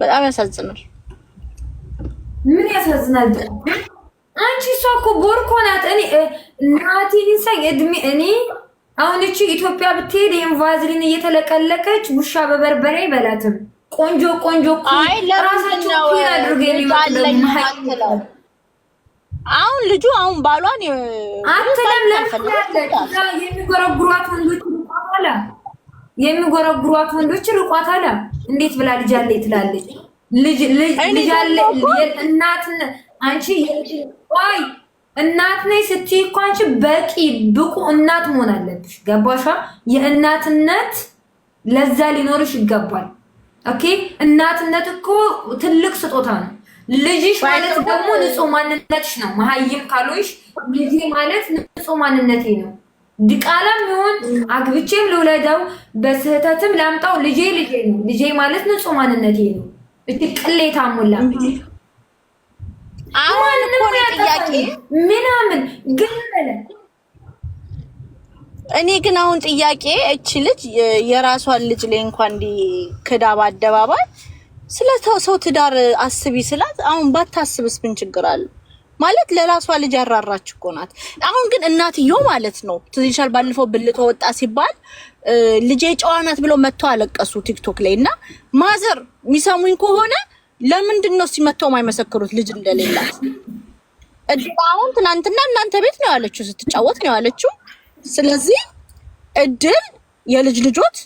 በጣም ያሳዝናል። ምን ያሳዝናል? አንቺ እሷ እኮ ቦርኮ ናት። እኔ ናቲን ሊሳይ እድሜ እኔ አሁን እቺ ኢትዮጵያ ብትሄድ ይህን ቫዝሊን እየተለቀለቀች ውሻ በበርበሬ አይበላትም። ቆንጆ ቆንጆ ራሳቸው አድርገ የሚለው አሁን ልጁ አሁን ባሏን አትለም ለምትላለች የሚጎረጉሯት ወንዶች ኋላ የሚጎረጉሯት ወንዶች ርቋት አለ። እንዴት ብላ ልጅ አለኝ ትላለች። ልጅ ልጅ አለ እናት አንቺ ቆይ እናት ነኝ ስትይ እኮ አንቺ በቂ ብቁ እናት መሆን አለብሽ። ገባሻ? የእናትነት ለዛ ሊኖርሽ ይገባል። ኦኬ። እናትነት እኮ ትልቅ ስጦታ ነው። ልጅሽ ማለት ደግሞ ንጹህ ማንነትሽ ነው። መሀይም ካልሆንሽ ልጅ ማለት ንጹህ ማንነቴ ነው ድቃላም ይሁን አግብቼም ልውለደው በስህተትም ላምጣው ልጄ ልጄ ነው። ልጄ ማለት ንጹህ ማንነቴ ነው። እቺ ቅሌታ ሙላ ምናምን ግን እኔ ግን አሁን ጥያቄ እቺ ልጅ የራሷን ልጅ ላይ እንኳን እንዲ ክዳ በአደባባይ ስለ ሰው ትዳር አስቢ ስላት አሁን ባታስብስ ምን ችግር አለው? ማለት ለራሷ ልጅ ያራራች እኮ ናት። አሁን ግን እናትዮ ማለት ነው ትንሻል ባለፈው ብልጦ ወጣ ሲባል ልጄ ጨዋ ናት ብለው መጥቶ አለቀሱ ቲክቶክ ላይ እና ማዘር የሚሰሙኝ ከሆነ ለምንድን ነው ሲመተው የማይመሰክሩት ልጅ እንደሌላት? አሁን ትናንትና እናንተ ቤት ነው ያለችው፣ ስትጫወት ነው ያለችው። ስለዚህ እድል የልጅ ልጆት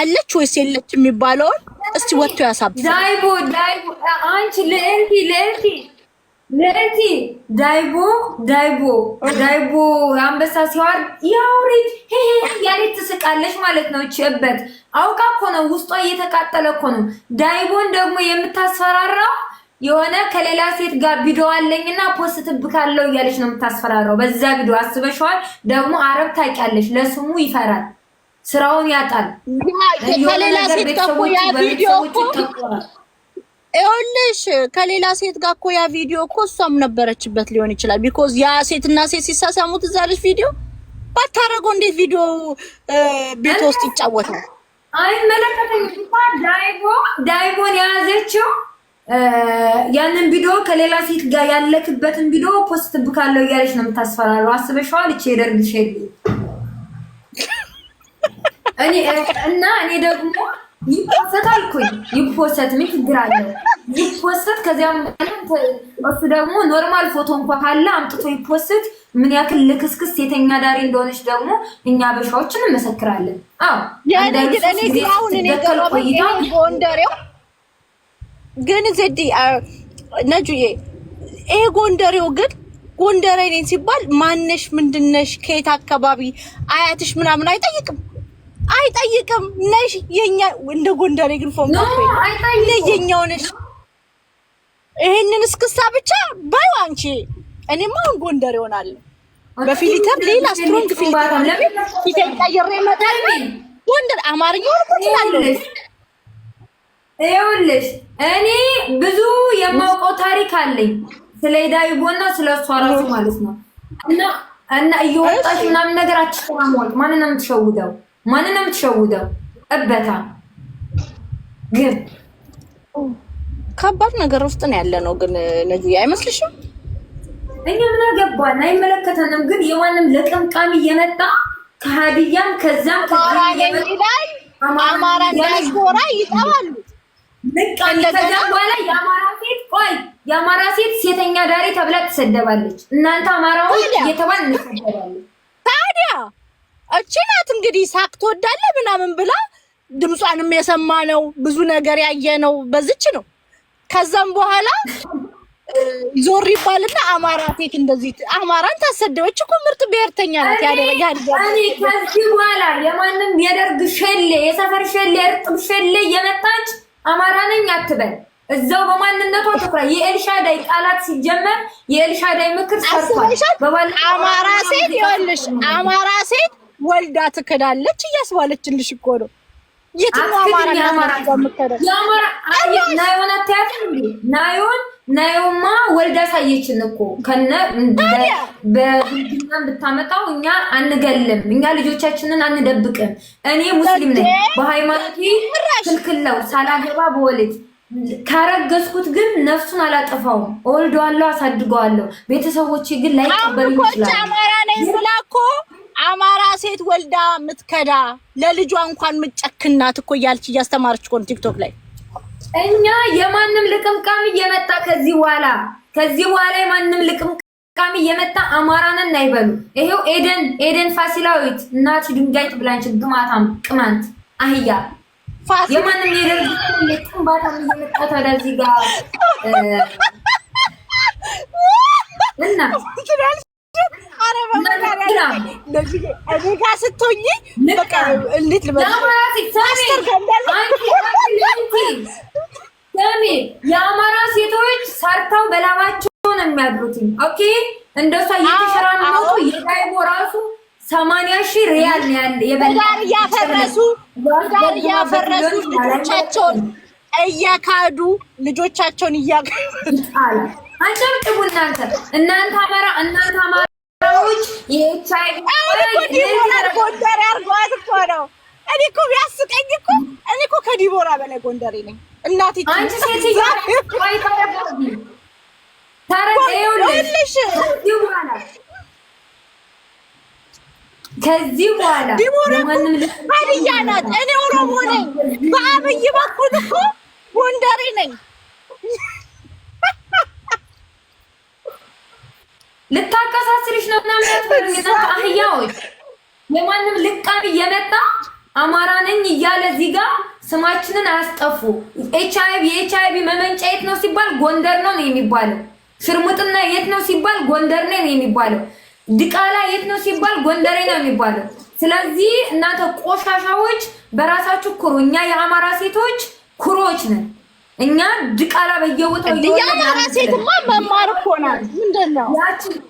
አለች ወይስ የለች የሚባለውን እስቲ ወጥቶ ያሳብ ዳይቦ ዳይቦ አንቺ ለእንቲ ለእንቲ ለቲ ዳይቦ ዳይቦ ዳይቦ አንበሳ ሲዋር ያውሪት ሄሄ ያኔ ትስቃለች ማለት ነው። እችበት አውቃ እኮ ነው፣ ውስጧ እየተቃጠለ እኮ ነው። ዳይቦን ደግሞ የምታስፈራራው የሆነ ከሌላ ሴት ጋር ቪዲዮ አለኝና ፖስት ትብካለው እያለች ነው የምታስፈራራው። በዛ ቪዲዮ አስበሽዋል። ደግሞ አረብ ታውቂያለሽ፣ ለስሙ ይፈራል፣ ስራውን ያጣል። ከሌላ ሴት ጋር ያ ቪዲዮ ይኸውልሽ ከሌላ ሴት ጋር እኮ ያ ቪዲዮ እኮ እሷም ነበረችበት ሊሆን ይችላል። ቢኮዝ ያ ሴትና ሴት ሲሳሳሙት እዛ ቪዲዮ ባታረገው እንዴት ቪዲዮ ቤት ውስጥ ይጫወታል? አይመለከተኝም። እንኳን ዳይቦ ዳይቦን የያዘችው ያንን ቪዲዮ ከሌላ ሴት ጋር ያለክበትን ቪዲዮ ፖስት ብካለው እያለች ነው የምታስፈራለው። አስበሽዋል? እቺ የደርግሽ እኔ እና እኔ ደግሞ ይፖሰት አልኩኝ። ይፖሰት ምን ችግር አለ? ይፖሰት። ከዚያም እሱ ደግሞ ኖርማል ፎቶ እንኳ ካለ አምጥቶ ይፖሰት። ምን ያክል ልክስክስ ሴተኛ ዳሪ እንደሆነች ደግሞ እኛ አበሻዎች እንመሰክራለን። አዎ ጎንደሬው ግን ዘዲ ነጁዬ፣ ይሄ ጎንደሬው ግን ጎንደሬ ነኝ ሲባል ማነሽ፣ ምንድነሽ፣ ከየት አካባቢ አያትሽ ምናምን አይጠይቅም። አይጠይቅም ነሽ የኛ እንደ ጎንደሬ ግን ፎም የኛው ነሽ። ይሄንን እስክሳ ብቻ ባዩ አንቺ እኔማ አሁን ጎንደር ይሆናል። በፊሊተር ሌላ ስትሮንግ ፊልተር ፊቴ ቀይሬ ይመጣል። ጎንደር አማርኛውን ቁጥላለሁ። ይኸውልሽ እኔ ብዙ የማውቀው ታሪክ አለኝ ስለ ዳይቦና ስለ እሷ ራሱ ማለት ነው እና እና እየወጣች ምናምን ነገር አትሽራም። ማንን ነው የምትሸውደው? ማንን ነው የምትሸውደው? እበታ ግን ከባድ ነገር ውስጥ ነው ያለ ነው። ግን ነዚህ አይመስልሽም? እኛ ምን አገባን? አይመለከተንም። ግን የማንም ለቀምቃሚ እየመጣ ከሀዲያም ከዛም ላይ አማራ ዲያስፖራ ይጠባሉ። በኋላ የአማራ ሴት ቆይ የአማራ ሴት ሴተኛ ዳሬ ተብላ ትሰደባለች። እናንተ አማራዎች እየተባል እንሰደባለን ታዲያ እቺ ናት እንግዲህ ሳቅ ትወዳለ ምናምን ብላ ድምጿንም የሰማ ነው ብዙ ነገር ያየ ነው። በዝች ነው። ከዛም በኋላ ዞር ይባልና አማራ ቴክ እንደዚህ አማራን ታሰደበች እኮ ምርጥ ብሔርተኛ ናት። ያደረጋል እኔ ከዚህ በኋላ የማንም የደርግ ሸሌ፣ የሰፈር ሸሌ፣ የእርጥብ ሸሌ የመጣች አማራ ነኝ አትበል። እዛው በማንነቷ ትኩራ። የኤልሻዳይ ቃላት ሲጀመር የኤልሻዳይ ምክር ሰርቷል። አማራ ሴት ይኸውልሽ፣ አማራ ሴት ወልዳ ትክዳለች እያስባለችልሽ እኮ ነው። የትኛው አማራ ናዮን ናዮማ ወልዳ ሳየችን እኮ ከነ በድርጅናን ብታመጣው እኛ አንገልም። እኛ ልጆቻችንን አንደብቅም። እኔ ሙስሊም ነኝ፣ በሃይማኖቴ ክልክለው ሳላገባ በወልድ ካረገዝኩት ግን ነፍሱን አላጠፋውም። እወልደዋለሁ፣ አሳድገዋለሁ። ቤተሰቦቼ ግን ላይቀበሉ ይችላል። አማራ ነኝ ብላ እኮ አማራ ሴት ወልዳ ምትከዳ ለልጇ እንኳን ምጨክናት እኮ እያለች እያስተማረች እኮ ቲክቶክ ላይ እኛ የማንም ልቅምቃም እየመጣ ከዚህ በኋላ ከዚህ በኋላ የማንም ልቅምቃም እየመጣ አማራንን አይበሉ። ይሄው ኤደን ኤደን ፋሲላዊት እናት ድንጋይ ብላንች ግማታም ቅማንት አህያ የማንም የደርግ ልቅምባታም እየመጣ ተወደዚህ ጋር እና የአማራ ሴቶች ሰርተው በላባቸው ነው የሚያድሩት። ኦኬ እንደሷ እየተሸራመቱ የዳይቦ ራሱ ሰማንያ ሺህ ሪያል ያለ የበላር እያፈረሱ ጋር እያፈረሱ ልጆቻቸውን እያካዱ ልጆቻቸውን እያካዱ አጨብጭቡ እናንተ እናንተ አማራ እናንተ አማራ ሰዎች ጎንደሬ አድርገዋት እኮ ነው። እኔ እኮ ቢያስቀኝ እኮ እኔ እኮ ከዲቦራ በላይ ጎንደሬ ነኝ እናቴ ከዚህ በኋላ ሀዲያ ናት። እኔ ኦሮሞ ነኝ። በአብይ በኩል እኮ ጎንደሬ ነኝ። ልታቀሳስሪሽ ነው ምናምን ያትፈርም አህያዎች የማንም ልቃን እየመጣ አማራ ነኝ እያለ እዚህ ጋር ስማችንን አያስጠፉ። ኤች አይቪ የኤች አይቪ መመንጫ የት ነው ሲባል ጎንደር ነው የሚባለው። ሽርሙጥና የት ነው ሲባል ጎንደር ነው የሚባለው። ድቃላ የት ነው ሲባል ጎንደሬ ነው የሚባለው። ስለዚህ እናንተ ቆሻሻዎች በራሳችሁ ኩሩ። እኛ የአማራ ሴቶች ኩሮች ነን። እኛ ድቃላ በየቦታው እያማራ ሴትማ መማር እኮ ናት። ምንድን ነው